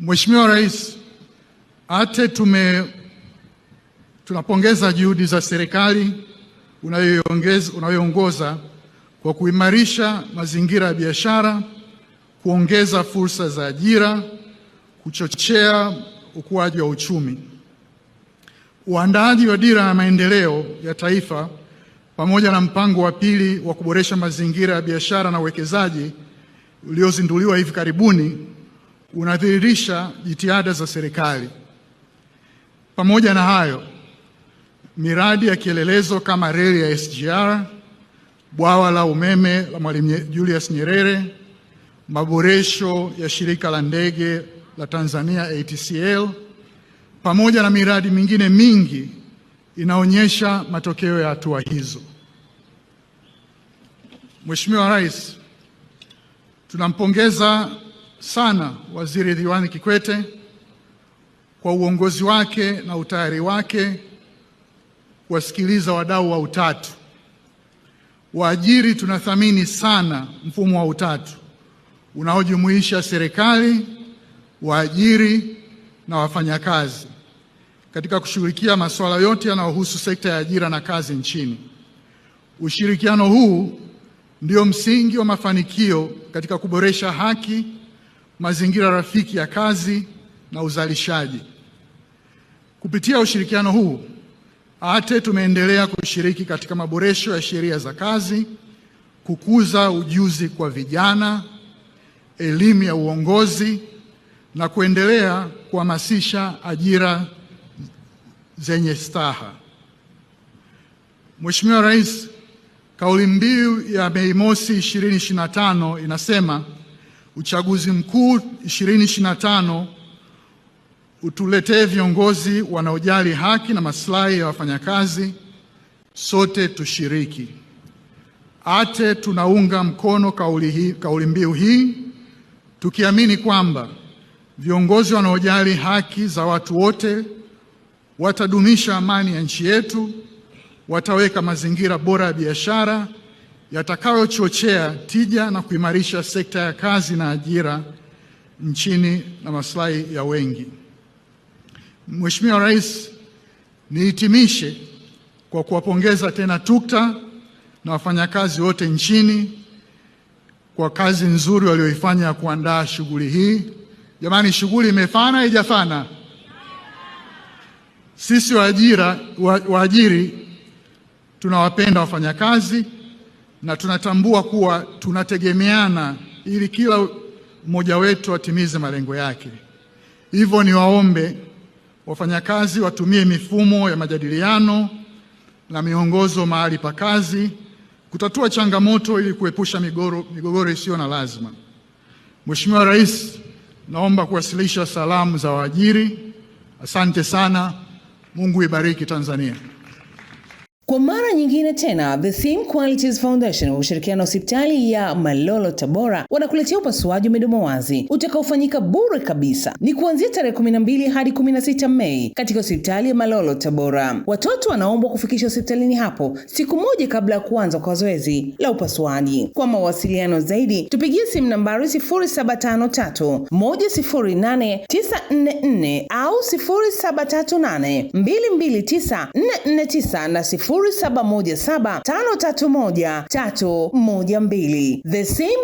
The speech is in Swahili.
Mheshimiwa Rais, ate tume tunapongeza juhudi za serikali unayoongoza kwa kuimarisha mazingira ya biashara, kuongeza fursa za ajira, kuchochea ukuaji wa uchumi. Uandaaji wa dira ya maendeleo ya taifa pamoja na mpango wa pili wa kuboresha mazingira ya biashara na uwekezaji uliozinduliwa hivi karibuni unadhihirisha jitihada za serikali. Pamoja na hayo, miradi ya kielelezo kama reli ya SGR, bwawa la umeme la Mwalimu Julius Nyerere, maboresho ya shirika la ndege la Tanzania ATCL, pamoja na miradi mingine mingi inaonyesha matokeo ya hatua hizo. Mheshimiwa Rais, tunampongeza sana Waziri Ridhiwani Kikwete kwa uongozi wake na utayari wake kuwasikiliza wadau wa utatu. Waajiri tunathamini sana mfumo wa utatu unaojumuisha serikali, waajiri na wafanyakazi katika kushughulikia masuala yote yanayohusu sekta ya ajira na kazi nchini. Ushirikiano huu ndio msingi wa mafanikio katika kuboresha haki mazingira rafiki ya kazi na uzalishaji. Kupitia ushirikiano huu, ATE tumeendelea kushiriki katika maboresho ya sheria za kazi, kukuza ujuzi kwa vijana, elimu ya uongozi na kuendelea kuhamasisha ajira zenye staha. Mheshimiwa Rais, kauli mbiu ya Mei Mosi 2025 inasema Uchaguzi Mkuu 2025 utuletee viongozi wanaojali haki na maslahi ya wafanyakazi. Sote tushiriki. ATE tunaunga mkono kauli hii, kauli mbiu hii tukiamini kwamba viongozi wanaojali haki za watu wote watadumisha amani ya nchi yetu, wataweka mazingira bora ya biashara yatakayochochea tija na kuimarisha sekta ya kazi na ajira nchini na maslahi ya wengi. Mheshimiwa Rais, nihitimishe kwa kuwapongeza tena tukta na wafanyakazi wote nchini kwa kazi nzuri walioifanya ya kuandaa shughuli hii. Jamani, shughuli imefana, haijafana? Sisi wa, waajiri tunawapenda wafanyakazi na tunatambua kuwa tunategemeana ili kila mmoja wetu atimize malengo yake. Hivyo niwaombe wafanyakazi watumie mifumo ya majadiliano na miongozo mahali pa kazi kutatua changamoto ili kuepusha migogoro, migogoro isiyo na lazima. Mheshimiwa Rais, naomba kuwasilisha salamu za waajiri. Asante sana. Mungu ibariki Tanzania. Kwa mara nyingine tena The Theme Qualities Foundation wa ushirikiano hospitali ya Malolo Tabora wanakuletea upasuaji wa midomo wazi utakaofanyika bure kabisa. Ni kuanzia tarehe 12 hadi 16 Mei katika hospitali ya Malolo Tabora. Watoto wanaombwa kufikisha hospitalini hapo siku moja kabla ya kuanza kwa zoezi la upasuaji. Kwa mawasiliano zaidi, tupigie simu nambari 0753 au 0738 na 0 mbili The same